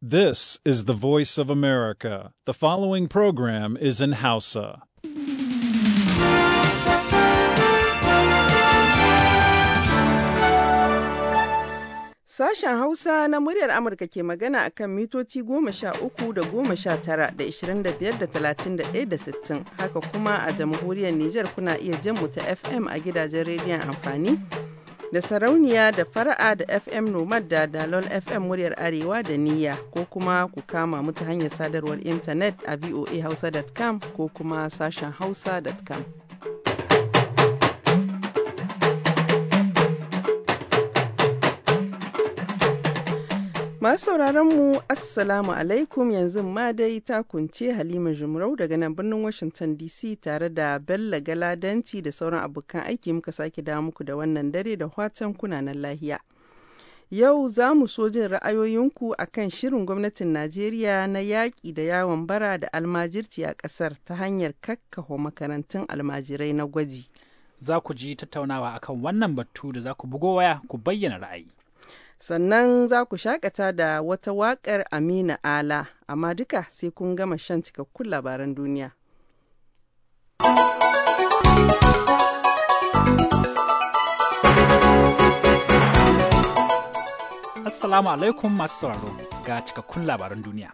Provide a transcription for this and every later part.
This is the voice of America. The following program is in Hausa. Sashen Hausa na muryar Amurka ke magana a kan mitoci goma sha uku da goma sha tara da ishirin da biyar da talatin da ɗaya da sittin. Haka kuma a jamhuriyar Nijar kuna iya jin mu ta FM a gidajen rediyon amfani da sarauniya da fara'a da fm nomad da Dalon fm muryar arewa da niyya ko kuma ku kama mu ta hanyar sadarwar intanet a voahausa.com ko kuma sashen hausa.com Masu sauraron mu Assalamu alaikum yanzu ma dai ta kunce Halima Jumrau daga nan birnin Washington DC tare da Bello Galadanci da sauran abokan aiki muka sake da muku da wannan dare da watan kunanan lahiya. Yau za mu so jin ra'ayoyinku a kan shirin gwamnatin Najeriya na yaƙi da yawon bara da almajirci a ƙasar ta hanyar kakkaho makarantun almajirai na gwaji. Za ku ji tattaunawa akan wannan batu da za ku bugo waya ku bayyana ra'ayi. sannan za ku shakata da wata waƙar Amina Ala, amma duka sai kun gama shan cikakkun labaran duniya. Assalamu alaikum masu sauraro ga cikakkun labaran duniya.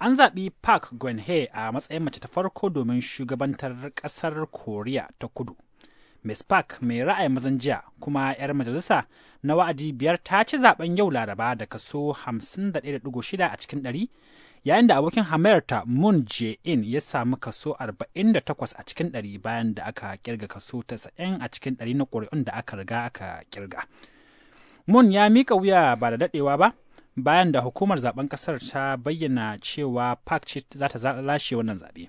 An zaɓi Park Geun-hye a matsayin mace ta farko domin shugabantar ƙasar Koriya ta kudu. Ms. Park mai ra'ayin mazan jiya kuma 'yar majalisa na wa'adi biyar ta ci zaben yau Laraba da kaso 51.6 a cikin 100 yayin da abokin hamayarta Moon Jae-in ya samu kaso 48 a cikin 100 bayan da aka kirga kaso 90 a cikin 100 na ƙuri'un da aka riga aka kirga. Moon ya mika wuya ba da daɗewa ba bayan da hukumar zaben ƙasar ta bayyana cewa Park ce za ta lashe wannan zaɓe.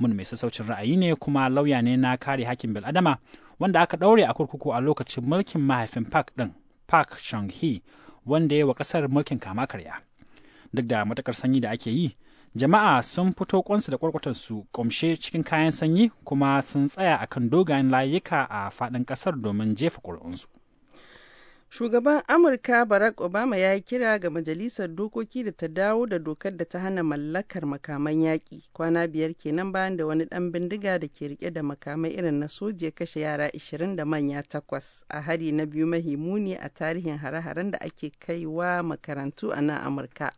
mun mai sassaucin ra'ayi ne kuma lauya ne na kare hakkin bil'adama wanda aka ɗaure a kurkuku a lokacin mulkin mahaifin park ɗin park chung-hee wanda ya wa ƙasar mulkin kama karya duk da matakar sanyi da ake yi jama'a sun fito kwansu da kwarkwatansu kumshe cikin kayan sanyi kuma sun tsaya akan dogayen layuka a faɗin ƙasar domin jefa ƙuri'unsu. Shugaban Amurka Barack Obama ya yi kira ga Majalisar Dokoki da ta dawo da dokar da ta hana mallakar makaman yaƙi kwana biyar kenan bayan da wani ɗan bindiga da ke rike da makamai irin na soja ya kashe yara 20 da manya takwas a hari na biyu mahimuni a tarihin hare-haren da ake kaiwa makarantu a nan Amurka.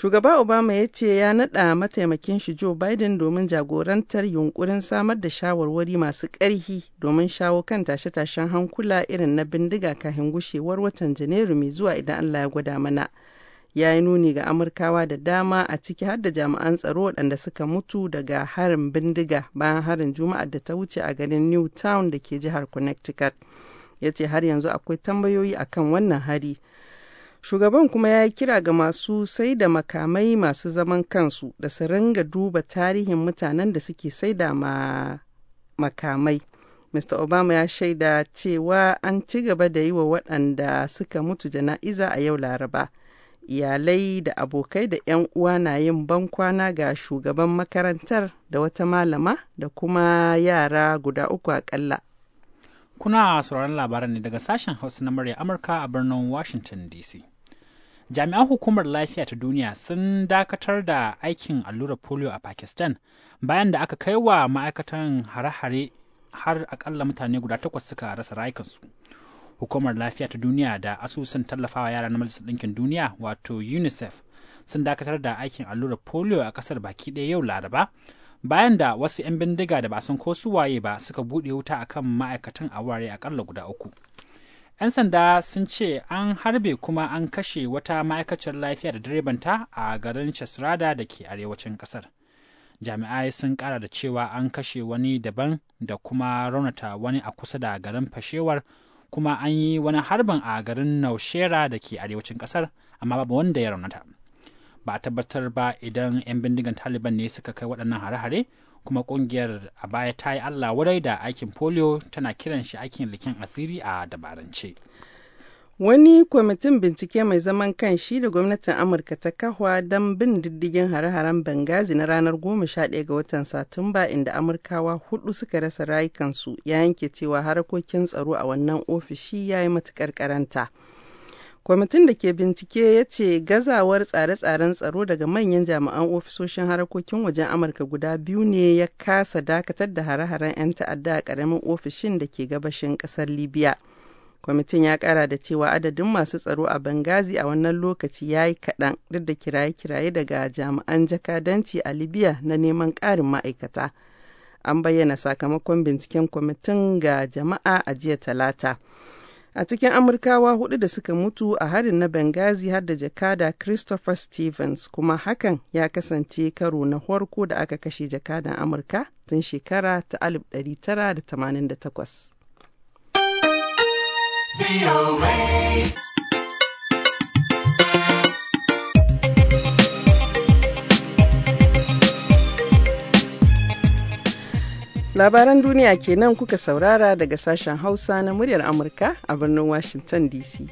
Shugaba Obama ya ce ya naɗa mataimakin shi Joe Biden domin jagorantar yunkurin samar da shawarwari masu ƙarfi domin shawo kan tashe-tashen hankula irin na bindiga kafin gushewar watan Janairu mai zuwa idan Allah ya gwada mana. Ya yi nuni ga Amurkawa da dama a ciki har da jami'an tsaro waɗanda suka mutu daga harin bindiga bayan harin Juma'ar da ta wuce a garin Newtown da ke jihar Connecticut. Ya ce har yanzu akwai tambayoyi akan wannan hari. shugaban kuma ya yi kira ga masu sai da makamai masu zaman kansu da su ringa duba tarihin mutanen da suke sai da ma makamai mr obama ya shaida cewa an ci gaba da yi wa waɗanda suka mutu jana'iza a yau laraba iyalai da abokai da 'yan uwa na yin bankwana ga shugaban makarantar da wata malama da kuma yara guda uku akalla kuna sauraron labaran ne daga sashen hausa na murya amurka a birnin washington dc jami'an hukumar lafiya ta duniya sun dakatar da aikin allurar polio a pakistan bayan da aka kai wa ma'aikatan hare-hare har akalla mutane guda takwas suka rasa rayukansu hukumar lafiya ta duniya da asusun tallafawa yara na majalisar ɗinkin duniya wato unicef sun dakatar da aikin allurar polio a ƙasar baki ɗaya yau laraba bayan da wasu 'yan bindiga da ba san ko su waye ba suka buɗe wuta akan ma'aikatan a wurare akalla guda uku 'Yan sanda sun ce an harbe kuma an kashe wata ma'aikaciyar lafiya da direbanta a garin Chesrada da ke arewacin Kasar. Jami'ai sun kara da cewa an kashe wani daban da kuma raunata wani a kusa da garin fashewar kuma an yi wani harbin a garin Naushera da ke arewacin Kasar amma babu wanda ya raunata. Ba a tabbatar ba idan 'yan bindigan Taliban ne suka kai waɗannan hare-hare kuma kungiyar a baya ta yi allah wadai da aikin polio tana kiran shi aikin likin asiri a dabarance wani kwamitin bincike mai zaman kan shi da gwamnatin amurka ta kahwa don bin diddigin hare-haren Benghazi na ranar 11 ga watan satumba inda amurkawa hudu suka rasa rayukansu ya yanke cewa harakokin tsaro a wannan ofishi ya yi matukar karanta. kwamitin da ke bincike ya ce gazawar tsare-tsaren tsaro daga manyan jami'an ofisoshin harkokin wajen amurka guda biyu ne ya kasa dakatar da hare-haren 'yan ta'adda a ƙaramin ofishin da ke gabashin kasar libya kwamitin ya kara da cewa adadin masu tsaro a bangazi a wannan lokaci ya yi kaɗan duk da kiraye-kiraye daga jami'an jakadanci a libya na neman ƙarin ma'aikata an bayyana sakamakon binciken kwamitin ga jama'a a jiya talata a cikin amurkawa hudu da suka mutu a harin na bengazi har da jakada christopher stevens kuma hakan ya kasance karo na farko da aka kashe jakadan amurka tun shekara ta 1988 Labaran duniya kenan kuka saurara daga sashen Hausa na muryar Amurka a birnin Washington DC.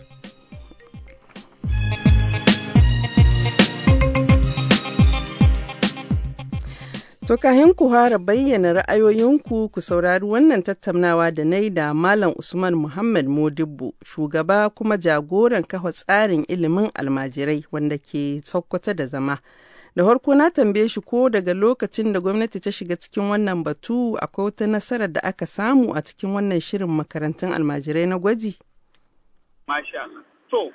To kahin ku fara bayyana ra'ayoyinku ku saurari wannan tattaunawa da na da Malam Usman Muhammad Modibbo, shugaba kuma jagoran kafa tsarin ilimin almajirai wanda ke Sokoto da zama. Da harko na tambaye shi ko daga lokacin da gwamnati ta shiga cikin wannan batu akwai wata nasarar da aka samu a cikin wannan shirin makarantun almajirai na gwaji? Masha. To, um,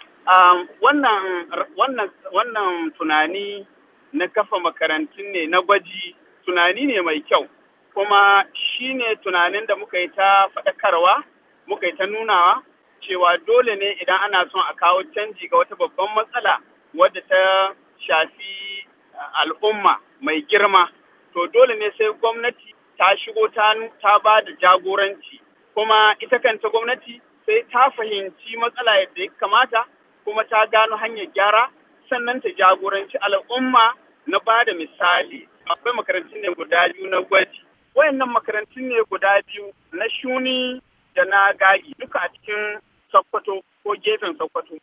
wannan tunani na kafa makarantun ne na gwaji tunani ne mai kyau, kuma shi ne tunanin da muka yi ta faɗakarwa, muka yi ta nunawa, cewa dole ne idan ana son a kawo canji ga wata babban matsala wadda ta shafi al'umma mai girma to dole ne sai gwamnati ta shigo ta ta ba da jagoranci kuma ita kanta gwamnati sai ta fahimci matsala yadda ya kamata kuma ta gano hanyar gyara sannan ta jagoranci al'umma na ba da misali akwai makarantun ne guda biyu na gwaji wayannan makarantun ne guda biyu na shuni da na gagi duka a cikin sokoto ko gefen sokoto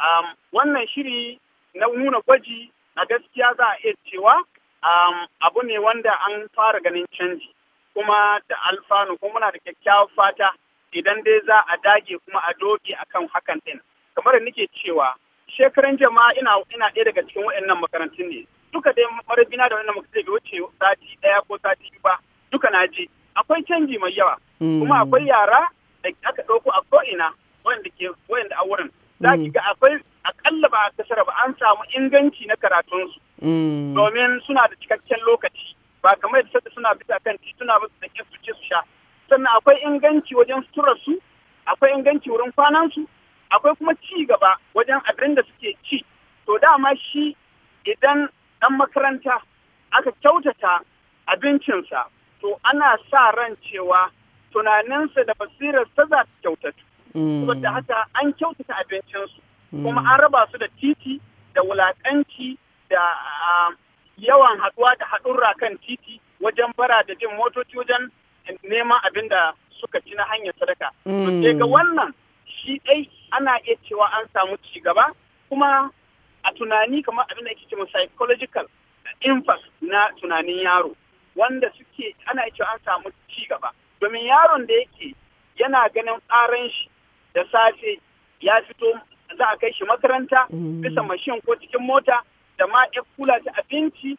um, wannan shiri na nuna gwaji a gaskiya za a iya cewa um, abu ne wanda an fara ganin canji kuma da alfanu kuma muna da kyakkyawar fata idan dai za a dage kuma a doge akan hakan din kamar da nake cewa shekaran jama'a ina ina ɗaya daga cikin waɗannan makarantun ne duka dai marabina da waɗannan makarantun bai wuce sati ɗaya ko sati biyu ba duka na je akwai canji mai yawa kuma mm. akwai yara da aka ɗauko a ko'ina wanda ke wanda a wurin za ki ga akwai akalla ba a kasara ba an samu inganci na karatunsu. Mm. Domin suna da cikakken lokaci ba kamar da suna bisa kan tituna ba su da ke suke su sha. Sannan akwai inganci wajen suturarsu, akwai inganci wurin kwanansu, akwai kuma ci gaba wajen abin da suke ci. To dama shi idan ɗan makaranta aka kyautata abincinsa, to ana sa ran cewa tunaninsa da basirar ta za ta kyautatu. Mm. Saboda haka an kyautata abincinsu. kuma mm. an raba su da titi da wulaƙanci da yawan haɗuwa da haɗurra kan titi wajen bara da jin motoci wajen neman abin da suka ci na hanyar sadaka. To mm. wannan shi ɗai ana iya cewa an samu ci gaba kuma a tunani kamar abin da ake cewa psychological infas na tunanin yaro wanda suke ana iya cewa an samu ci gaba. Domin yaron da yake yana ganin tsaran shi da safe ya fito za a kai shi makaranta mm. bisa mashin ko cikin mota da ma ya kula ta abinci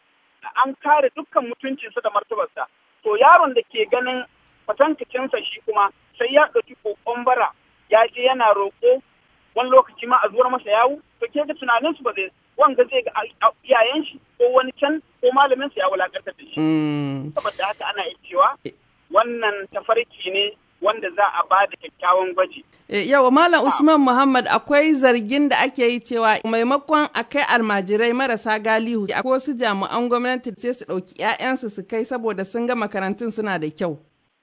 an kare dukkan mutuncinsa da martabarsa to yaron da ke ganin fatankacinsa shi kuma sai ya ɗauki kokon bara ya je yana roƙo wani lokaci ma a zuwar masa yawu to ke ga tunanin su ba zai wanga zai ga iyayen shi ko wani can ko malamin su ya wulakantar da shi mm. saboda haka ana iya cewa wannan tafarki ne wanda za a ba da kyakkyawan gwaji. Eh, Yau, Malam ah. Usman Muhammad akwai zargin da ake yi cewa maimakon a kai almajirai marasa galihu ko wasu jami'an gwamnati sai su ɗauki 'ya'yansu su kai saboda sun ga makarantun suna da kyau.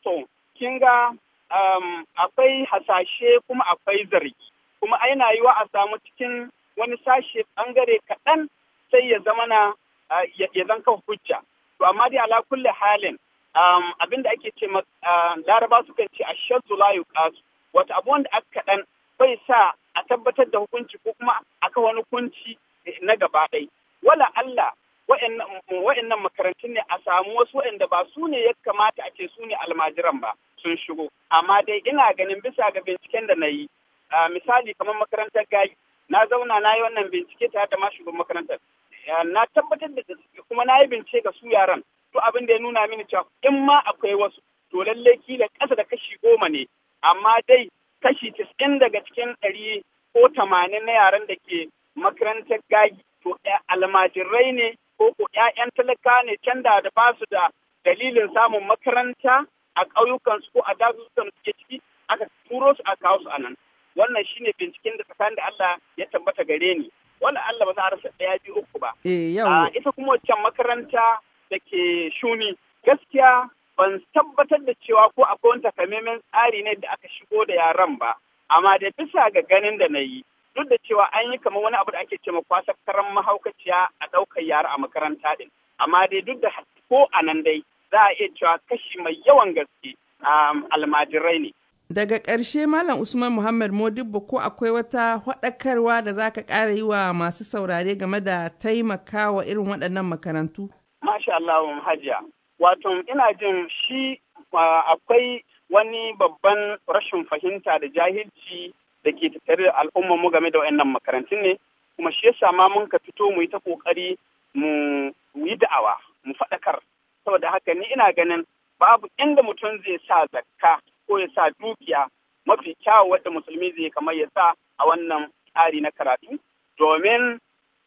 To, kin ga um, akwai hasashe kuma akwai zargi. Kuma yana wa a samu cikin wani sashe bangare kaɗan sai ya zamana uh, ya zanka hujja. To, amma dai ala kulle halin um, abin da ake ce uh, laraba sukan ce a shazzu layu kasu wata abu wanda aka kaɗan bai sa a tabbatar da hukunci ko kuma aka wani hukunci na gaba ɗai wala Allah wa'annan makarantun ne a samu wasu wa'anda ba su ne ya kamata a ce su ne almajiran ba sun shigo amma dai ina ganin bisa ga binciken da na yi uh, misali kamar makarantar gayi na zauna na yi wannan bincike tare da shugaban makarantar uh, na tabbatar da kuma na yi bincike ga su yaran to abin da ya nuna mini cewa in ma akwai wasu to lallai kila ƙasa da kashi goma ne amma dai kashi casa'in daga cikin ɗari ko tamanin na yaran da ke makarantar gagi to almajirai ne ko ko ƴaƴan talaka ne can da ba su da dalilin samun makaranta a ƙauyukansu ko a dazuzzukan suke ciki aka turo su a kawo su a nan wannan shine binciken da tsakanin da Allah ya tabbata gare ni wala Allah ba za a rasa ɗaya biyu uku ba eh ah, ita kuma wancan makaranta da ke shuni gaskiya ban tabbatar da cewa ko akwai wani takamaiman tsari ne da aka shigo da yaran ba amma da bisa ga ganin da na yi duk da cewa an yi kamar wani abu da ake ce ma kwasa karan mahaukaciya a ɗaukar yara a makaranta din amma dai duk da ko a nan dai za a iya cewa kashi mai yawan gaske um, almajirai ne daga ƙarshe malam usman muhammad modibbo ko akwai wata haɗakarwa da za ka ƙara yi wa masu saurare game da taimakawa irin waɗannan makarantu Masha Allah hajiya. Wato ina jin shi akwai wani babban rashin fahimta da jahilci da ke tattare da al'ummarmu game da wayannan makarantun ne kuma shi yasa ma mun ka fito mu yi ta kokari mu yi da'awa mu faɗakar saboda haka ni ina ganin babu inda mutum zai sa zakka ko ya sa dukiya mafi kyawu wadda musulmi zai kamar ya sa a wannan tsari na karatu domin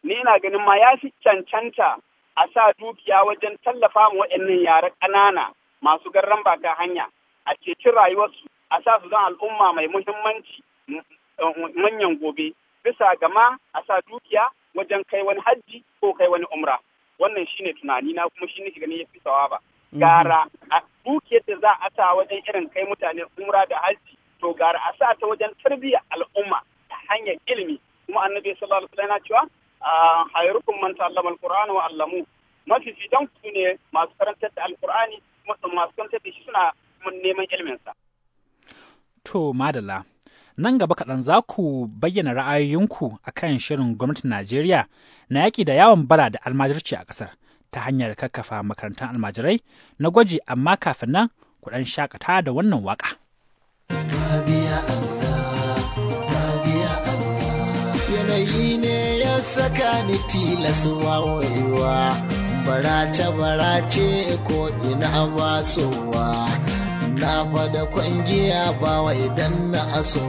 ni ina ganin ma ya fi cancanta a sa dukiya wajen tallafa ma waɗannan yaren ƙanana masu garran baka hanya a ceci rayuwarsu a sa su zan al'umma mai muhimmanci manyan gobe bisa gama a sa dukiya wajen kai wani hajji ko kai wani umra wannan shine tunani na kuma shine shiga ne yafi ba. Mhm. gara a dukiyar da za a sa wajen irin kai mutane umra da hajji to gara a sa ta wajen tarbiyya al'umma ta hanyar ilimi kuma annabi sallallahu alaihi wasallam cewa a khairukum man ta'allama alquran wa 'allamu mafifitan ku ne masu karantar da alqur'ani masu karantar da shi suna neman ilimin sa to madala nan gaba kaɗan za ku bayyana ra'ayoyinku a kan shirin gwamnatin Najeriya na yaƙi da yawan bara da almajirci a ƙasar ta hanyar kakkafa makarantar almajirai na gwaji amma kafin nan ku ɗan shakata da wannan waƙa. Yanayi ne saka ni tilas wawaiwa barace barace ko ina masowa na bada kwangiya ba wa idan na aso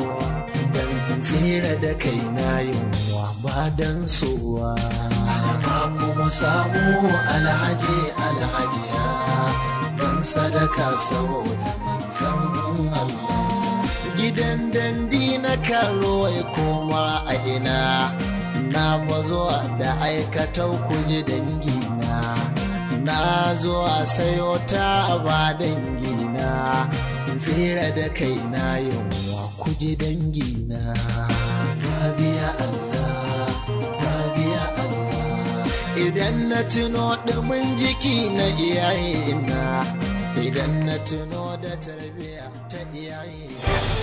dan tsira da kai na yunwa ba dan sowa alama kuma samu alhaji alhajiya dan sadaka saboda san Allah gidan dandi na karo ya koma a ina na mazo da aikatau ku ji dangina na zo a sayo ta ba dangina in tsira da kaina yunwa ku ji dangina biya Allah biya Allah idan na tuno mun jiki na iyayena idan na tuno da tarbiyya ta iyayena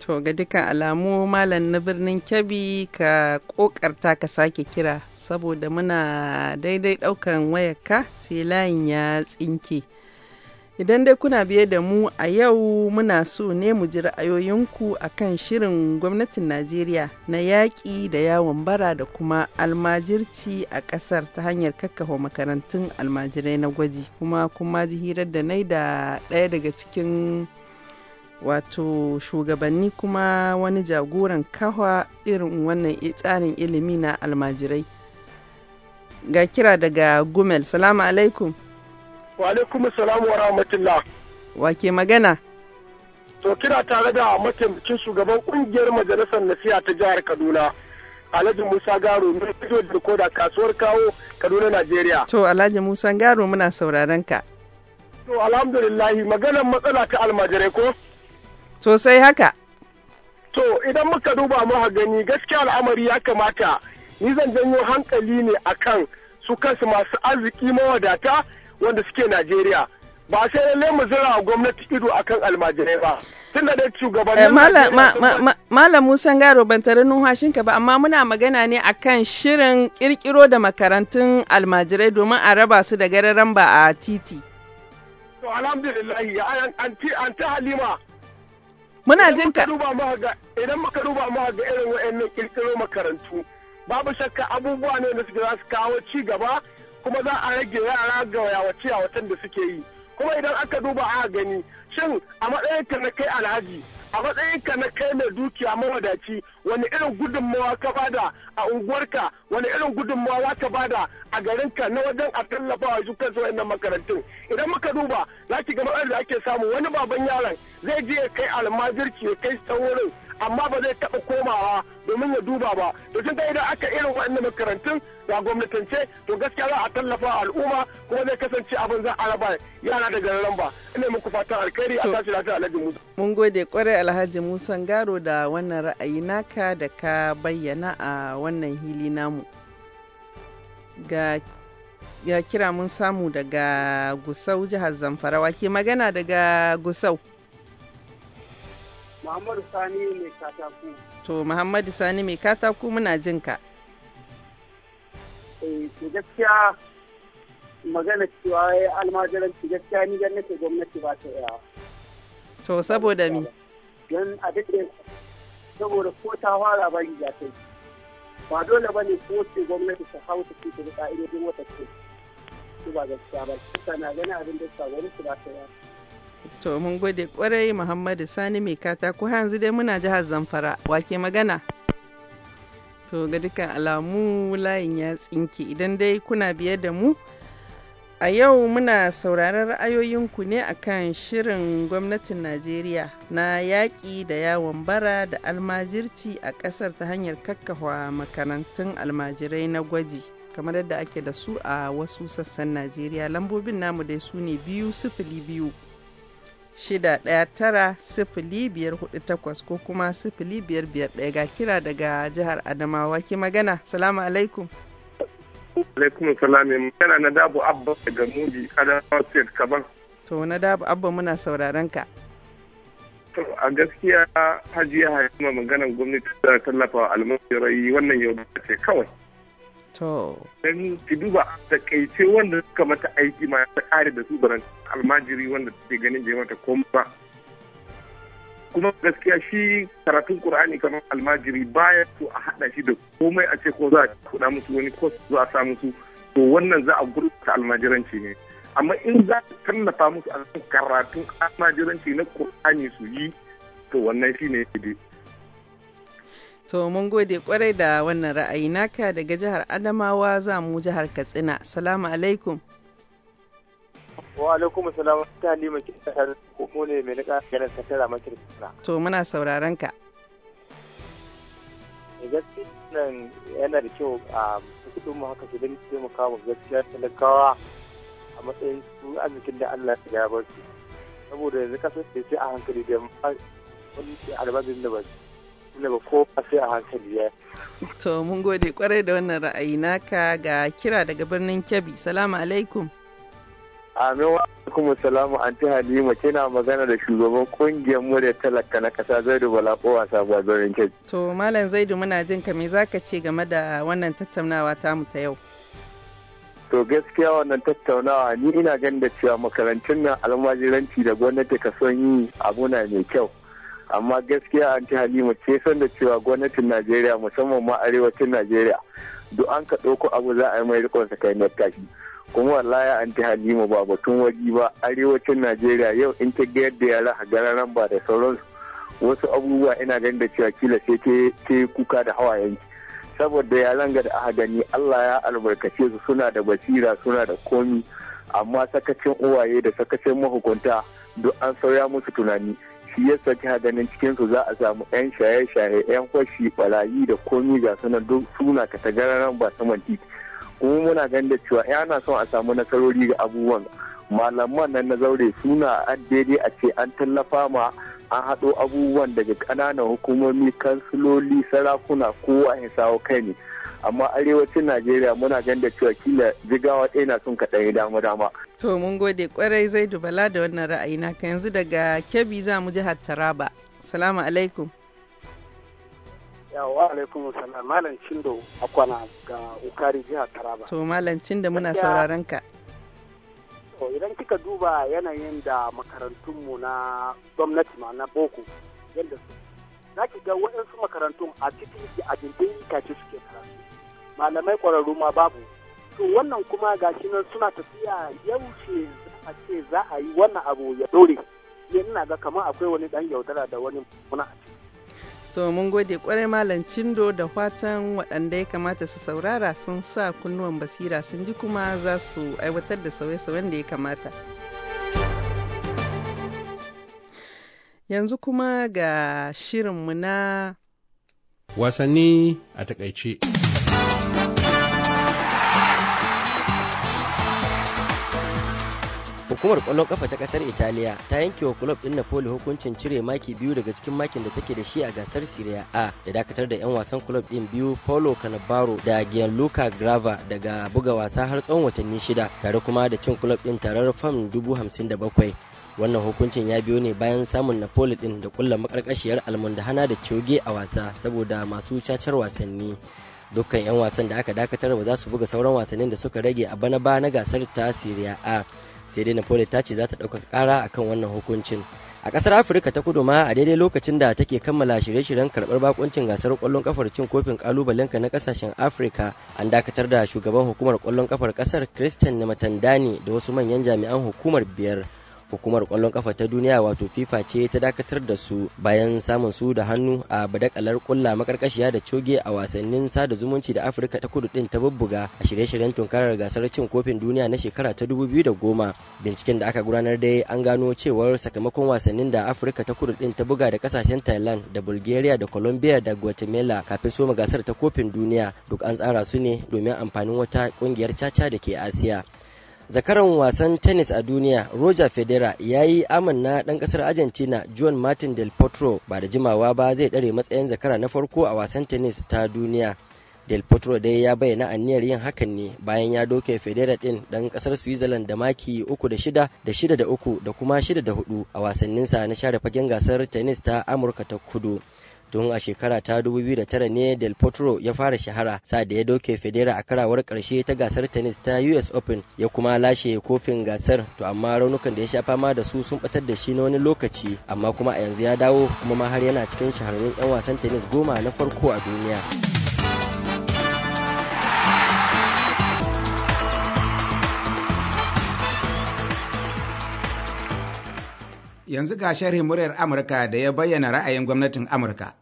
To ga duka alamu malam na birnin Kebbi ka kokarta ka sake kira saboda muna daidai daukan wayarka sai layin ya tsinke. Idan dai kuna biye da mu a yau muna so ne mu ji ra'ayoyinku a kan shirin gwamnatin Najeriya na yaƙi da yawon bara da kuma almajirci a ƙasar ta hanyar kakkafa makarantun almajirai na gwaji kuma kuma ji hirar da nai da ɗaya daga cikin wato shugabanni kuma wani jagoran kawa irin wannan tsarin ilimi na almajirai ga kira daga gumel salamu alaikum wa alaikum salamu wa rahmatullah wa ke magana to kira tare da mataimakin shugaban kungiyar majalisar nasiya ta jihar kaduna alhaji musa garo mai fito da koda kasuwar kawo kaduna najeriya to alhaji musa garo muna sauraron ka to alhamdulillah maganan matsala ta almajirai ko Sosai haka. To idan muka duba muka gani gaskiya al'amari ya kamata ni zan janyo hankali ne akan su kansu masu arziki mawadata wanda suke Najeriya. Ba sai lalle mu zira gwamnati ido akan almajirai ba. Tunda da shugabannin eh, Malam Musa Garo ban tare numfashinka ba amma muna magana ne akan shirin kirkiro da makarantun almajirai domin a raba su da gararan ba a titi. To alhamdulillah an ta halima Muna jin ka. Idan muka duba mu ga irin wa'annan kirkiro makarantu babu shakka abubuwa ne da suke za su kawo ci gaba kuma za a rage yara ga yawace watan da suke yi. Kuma idan aka duba a gani shin a matsayin ka na kai alhaji a matsayinka na kai mai dukiya mawadaci wani irin gudunmawa ka bada a unguwarka wani irin gudunmawa za ka bada a garinka na wajen a tallafa wa dukkan su wayannan makarantun idan muka duba za ki ga matsalar da ake samu wani baban yaron zai je ya kai almajirki ya kai ta amma ba zai taɓa komawa domin ya duba ba to tun idan aka irin waɗannan makarantun ga gwamnatance to gaskiya za a tallafa al'umma kuma zai kasance abin za a raba yara daga ba ina muku fatan alkhairi a tashi lafiya alhaji musa mun gode kwarai alhaji musa garo da wannan ra'ayi naka da ka bayyana a wannan hili namu ga ya kira mun samu daga gusau jihar zamfara wake magana daga gusau Muhammadu Sani mai katako. To Muhammadu Sani mai katako muna jin ka. Eh gaskiya magana cewa ya yi almajiranci gaskiya ni gan nake gwamnati ba ta yawa. To saboda mi? Don a duk saboda ko ta fara ba yi zafi. Ba dole ba ne ko ce gwamnati ta hau ta ce ta ka'idodin wata ce. Su ba gaskiya ba. Kusa na gani abin da ta gwamnati ba ta yawa. To mun gode kwarai Muhammadu Sani mai katako yanzu dai muna jihar Zamfara wake magana. To ga dukkan alamu layin ya tsinke idan dai kuna biye da mu a yau muna sauraron ra'ayoyinku ne akan shirin gwamnatin Najeriya na yaƙi da yawon bara da almajirci a ƙasar ta hanyar kakkawa makarantun almajirai na gwaji. kamar yadda ake da su a wasu sassan najeriya lambobin namu dai su ne biyu sifili biyu takwas ko kuma sifili biyar biyar ɗaya ga kira daga jihar Adamawa ke magana. Salamu alaikum. Alaikum salami magana na dabu abba daga Mubi Adamawa State Kaban. To na dabu abba muna sauraron ka. To a gaskiya Hajiya ma maganar gwamnati ta tallafa wa almasirai wannan yau ce kawai. To. Dan ki duba takaice wanda suka mata aiki ma ta kare da su baran almajiri wanda take ganin je mata koma ba. Kuma gaskiya shi karatun Kur'ani kamar almajiri baya so a haɗa shi da komai a ce ko za a kuɗa musu wani ko za a sa musu to wannan za a gurɓata almajiranci ne. Amma in za a tallafa musu a karatun almajiranci na Kur'ani su yi to wannan shi ne daidai. To mun gode kwarai da wannan ra'ayi naka daga jihar Adamawa za mu jihar Katsina. Salamu alaikum. Wa alaikum salam ta ko ne mai nika ta tara To muna sauraron ka. Eh, gaskiya yana da kyau a kudin mu haka shirin ce mu kawo gaskiya talakawa a matsayin su arzikin da Allah ya ba su. Saboda yanzu kasance sai a hankali da albazin da ba su. daga ko sai a hankali ya to mun gode kwarai da wannan ra'ayi naka ga kira daga birnin kebbi salamu alaikum amin wa alaikum salamu anti halima kina magana da shugaban kungiyar murya talaka na kasa zaidu wasa sabuwa birnin kebbi to malam zaidu muna jin ka me zaka ce game da wannan tattaunawa tamu ta yau to gaskiya wannan tattaunawa ni ina ganin da cewa makarantun nan almajiranci da gwamnati ka son yi abu na mai kyau amma gaskiya anti halima ke san da cewa gwamnatin najeriya musamman ma arewacin najeriya duk an ka ɗauko abu za a yi mai rikon sakainiyar tashi kuma wallahi anti halima ba batun waji ba arewacin najeriya yau in ta ga yadda yara a nan ba da sauransu wasu abubuwa ina ganin da cewa kila sai ke kuka da hawayenki saboda yaran ga da aka gani allah ya albarkace su suna da basira suna da komi amma sakacin uwaye da sakacin mahukunta duk an sauya musu tunani shi ya saki haganin cikin su za a samu yan shaye-shaye yan kwashi barayi da komi ga sanar duk suna katagara ba saman titi kuma muna gan da cewa yana eh, son a samu nasarori ga abubuwan malaman nan na zaure suna an daidai a ce an tallafa ma an haɗo abubuwan daga ƙananan hukumomi kansiloli sarakuna kowa ya sawo kai ne amma arewacin najeriya muna gan da cewa kila jigawa ɗaya na sun kaɗan dama dama to mun gode kwarai zai dubala da wannan ra'ayi ka yanzu daga kebbi za mu jihar taraba salamu alaikum yawa alaikum salam malam cindo akwana ga ukari jihar taraba to malam cindo muna sauraron ka idan kika duba yanayin da makarantunmu na gwamnati ma na boko yadda su za ki ga waɗansu makarantun a cikin a jirgin suke karatu malamai ƙwararru ma babu to wannan kuma ga shi nan suna tafiya yaushe a ce za a yi wannan abu ya dore ne ina ga kamar akwai wani dan yaudara da wani muna a ciki. to mun gode kwarai malam cindo da fatan waɗanda ya kamata su saurara sun sa kunnuwan basira sun ji kuma za su aiwatar da sauye-sauyen da ya kamata. Yanzu kuma ga shirinmu na wasanni a takaice. hukumar kwallon kafa ta ƙasar italiya ta yanke wa kulob din napoli hukuncin cire maki biyu daga cikin makin da take da shi a gasar serie a da dakatar da 'yan wasan kulob din biyu paulo canabaro da gianluca grava daga buga wasa har tsawon watanni shida tare kuma da cin kulob din tarar fam dubu wannan hukuncin ya biyo ne bayan samun napoli din da kulla makarkashiyar almundahana da coge a wasa saboda masu cacar wasanni dukkan 'yan wasan da aka dakatar ba za su buga sauran wasannin da suka rage a bana ba na gasar ta Siriya A sai dai Napoli ta ce za ta ɗauka ƙara akan wannan hukuncin a ƙasar Afirka ta kudu ma a daidai lokacin da take kammala shirye-shiryen karɓar bakuncin gasar ƙwallon kafar cin kofin ƙalubalenka na ƙasashen Afirka an dakatar da shugaban hukumar ƙwallon kafar ƙasar Christian Matandani da wasu manyan jami'an hukumar biyar hukumar kwallon kafa ta duniya wato fifa ce ta dakatar da su bayan samun su da hannu a badakalar kulla makarkashiya da coge a wasannin sada zumunci da afirka ta kudu din ta bubbuga a shirye-shiryen tunkarar gasar cin kofin duniya na shekara ta 2010 binciken da aka gudanar dai an gano cewar sakamakon wasannin da afirka ta kudu din ta buga da kasashen thailand da bulgaria da colombia da guatemala kafin soma gasar ta kofin duniya duk an tsara su ne domin amfanin wata kungiyar caca da ke asiya zakaran wasan tennis a duniya roger federer ya yi amanna ɗan ƙasar argentina juan martin del potro ba da jimawa ba zai ɗare matsayin zakara na farko a wasan tennis ta duniya del potro dai ya bayyana anniyar yin hakan ne bayan ya doke federer ɗin dan ƙasar switzerland da maki 3 da 6 da 6 da 3 da kuma 6 da 4 a wasanninsa na share fagen gasar tennis ta amurka ta kudu tun a shekara ta 2009 ne del potro ya fara shahara sa da ya doke federa a karawar karshe ta gasar tennis ta us open ya kuma lashe kofin gasar to amma raunukan da ya sha fama da su sun batar da shi na wani lokaci amma kuma a yanzu ya dawo kuma ma har yana cikin shahararrun 'yan wasan tennis goma na farko a duniya. yanzu ga sharhin muryar Amurka da ya bayyana ra'ayin gwamnatin Amurka.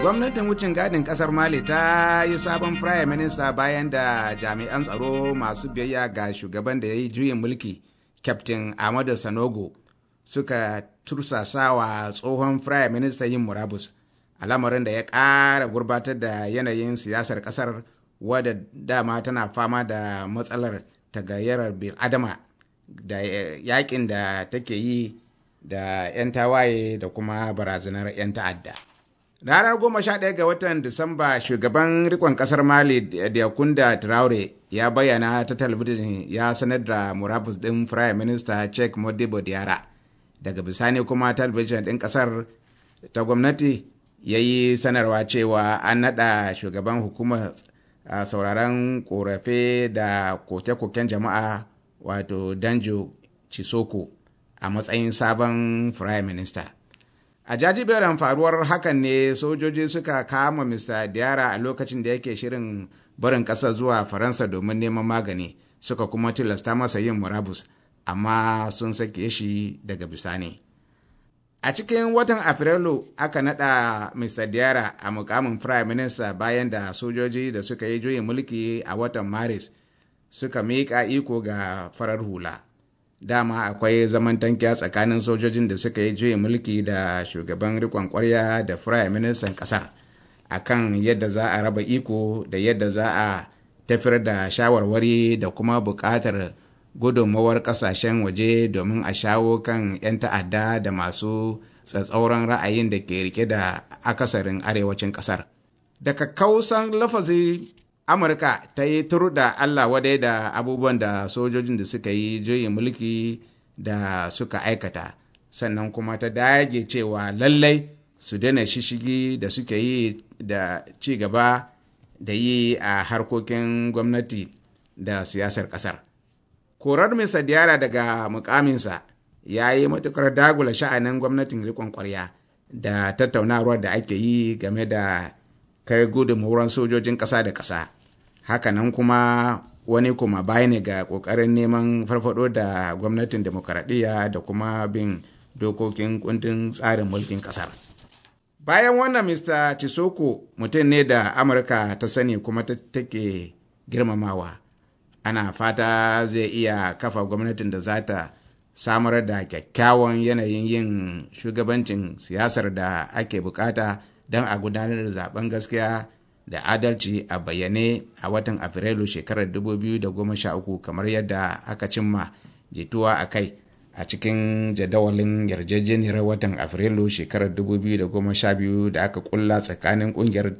Gwamnatin wucin gadin kasar Mali ta yi sabon Firayim Minista bayan da jami'an tsaro masu biyayya ga shugaban da ya yi juyin mulki, Captain Ahmadu Sanogo, suka tursasa tsohon Firayim Minista yin murabus, al'amarin da ya ƙara gurbatar da yanayin siyasar ƙasar wadda dama tana fama da matsalar tagayyarar bin adama da eh, yakin da take yi da 'yan tawaye da kuma barazanar 'yan ta'adda ranar goma sha ɗaya ga watan disamba shugaban rikon kasar mali diakunda traore ya bayyana ta talabijin ya sanar da murabus ɗin prime minister check modibo diara daga bisani kuma talabijin ɗin ƙasar ta gwamnati ya yi sanarwa cewa an naɗa shugaban hukumar a sauraron korafe da koke-koken jama'a wato danjo chisoko a matsayin sabon prime minister a jajiberin faruwar hakan ne sojoji suka kama mr diara a lokacin da yake shirin barin ƙasa zuwa faransa domin neman magani suka kuma tilasta masa yin murabus amma sun sake shi daga bisani a cikin watan afrilu aka nada mr diara a mukamin prime minister bayan da sojoji da suka yi juyin mulki a watan maris suka miƙa iko ga farar hula dama akwai zaman tankiya tsakanin sojojin da suka yi juyin mulki da shugaban rikon kwarya da prime minister kasar kan yadda za a raba iko da yadda za a tafiyar da shawarwari da kuma buƙatar gudunmawar kasashen waje domin a shawo kan 'yan ta'adda da masu tsatsauran ra'ayin da ke rike da akasarin arewacin kasar daga kausan lafazi amurka ta yi turu da allah wadai da abubuwan da sojojin da suka yi juyin mulki da suka aikata sannan kuma ta dage cewa lallai su daina shishigi da suke yi da ci gaba da yi a harkokin gwamnati da siyasar ƙasar. korar mista diyara daga mukaminsa ya yi matukar dagula sha'anin gwamnatin rikon kwarya da tattaunawar da ake yi game da kai gudunmuwar sojojin ƙasa da ƙasa hakanan kuma wani kuma bayan ga ƙoƙarin neman farfado da gwamnatin demokaradiyya da kuma bin dokokin kundin tsarin mulkin ƙasar bayan wannan mr chisoko mutum ne da amurka ta sani kuma take girmamawa ana fata zai iya kafa gwamnatin da za ta samar da kyakkyawan yanayin yin shugabancin siyasar da ake bukata don a gudanar da zaben gaskiya da adalci a bayyane a watan afrilu shekarar 2013 kamar yadda aka cimma jituwa a kai a cikin jadawalin yarjejeniyar watan afrilu shekarar 2012 da aka kulla tsakanin kungiyar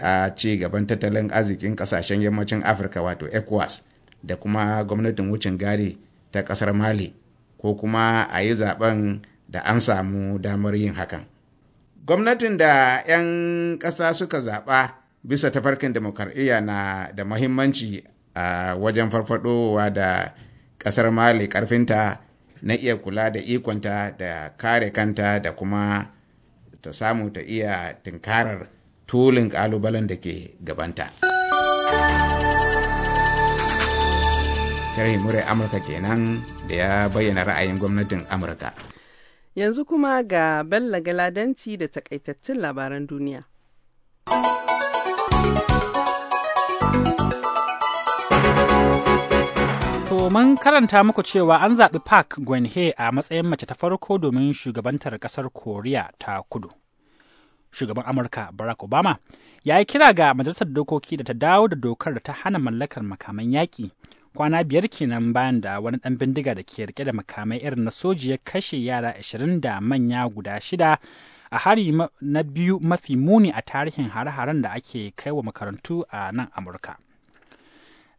a ci gaban tattalin arzikin kasashen yammacin afirka wato ecowas da kuma gwamnatin wucin gari ta kasar mali ko kuma a yi zaben da an samu damar yin hakan gwamnatin da 'yan ƙasa suka zaɓa bisa tafarkin demokarɗiyya na da mahimmanci a wajen farfadowa da ƙasar mali ƙarfinta na iya kula da ikonta da kare kanta da kuma ta samu ta iya tinkarar. tulin ƙalubalen da ke gabanta. Sharhi murai Amurka kenan da ya bayyana ra'ayin gwamnatin Amurka. Yanzu kuma ga Bello Galadanci da takaitattun labaran duniya. To mun karanta muku cewa an zaɓi Park geun a matsayin mace ta farko domin shugabantar ƙasar Koriya ta kudu. shugaban amurka barack obama ya yi kira ga majalisar dokoki da ta dawo da dokar da ta hana mallakar makaman yaƙi kwana biyar kenan bayan da wani ɗan bindiga da ke rike da makamai irin na soji ya kashe yara ashirin da manya guda shida a hari na biyu mafi muni a tarihin hare-haren da ake kai wa makarantu a nan amurka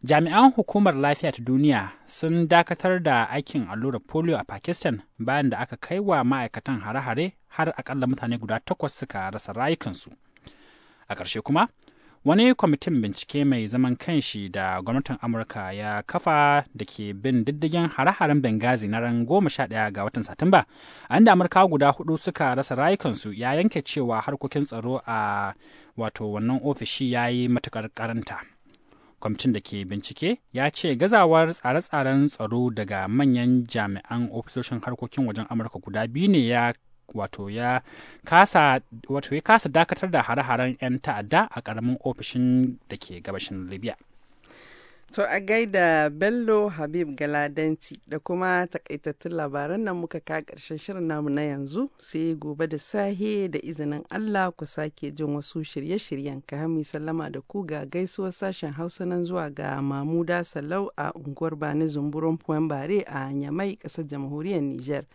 jami'an hukumar lafiya ta duniya sun dakatar da aikin allurar polio a pakistan bayan da aka kai wa ma'aikatan hare-hare har akalla mutane guda takwas suka rasa rayukansu a ƙarshe kuma wani kwamitin bincike mai zaman kanshi da gwamnatin amurka ya kafa da ke bin diddigin hare-haren bengazi na ran goma sha ɗaya ga watan satumba an da amurka guda hudu suka rasa rayukansu ya yanke cewa harkokin tsaro a wato wannan ofishi ya yi matuƙar karanta kwamitin da ke bincike ya ce gazawar tsare-tsaren tsaro daga manyan jami'an ofisoshin harkokin wajen amurka guda biyu ne ya wato ya kasa wato ya kasa dakatar da hare-haren 'yan ta'adda a ƙaramin ofishin da ke gabashin libya To a gaida Bello Habib galadanti da kuma takaitattun labaran nan muka ka ƙarshen shirin namu na yanzu sai gobe da sahe da izinin Allah ku sake jin wasu shirye-shiryen ka hami sallama da ku ga gaisuwar sashen Hausa nan zuwa ga Mamuda Salau a unguwar Bani Zumburon Puan Bare a Nyamai ƙasar jamhuriyar Nijar.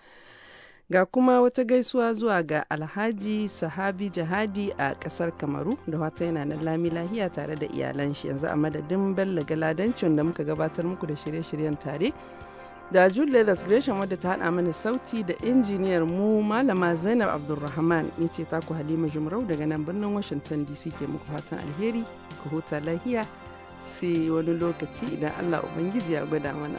Ga kuma wata gaisuwa zuwa ga Alhaji Sahabi Jihadi a kasar Kamaru da wata yana nan lami lahiya tare da iyalan shi yanzu a madadin Bello Galadancin da muka gabatar muku da shirye-shiryen tare. Da Julie Gresham wadda ta haɗa mana sauti da injiniyar mu Malama Zainab Abdulrahman ni ce taku Halima Jumrau daga nan birnin Washington DC ke muku fatan alheri ga huta lahiya sai wani lokaci idan Allah Ubangiji ya gwada mana.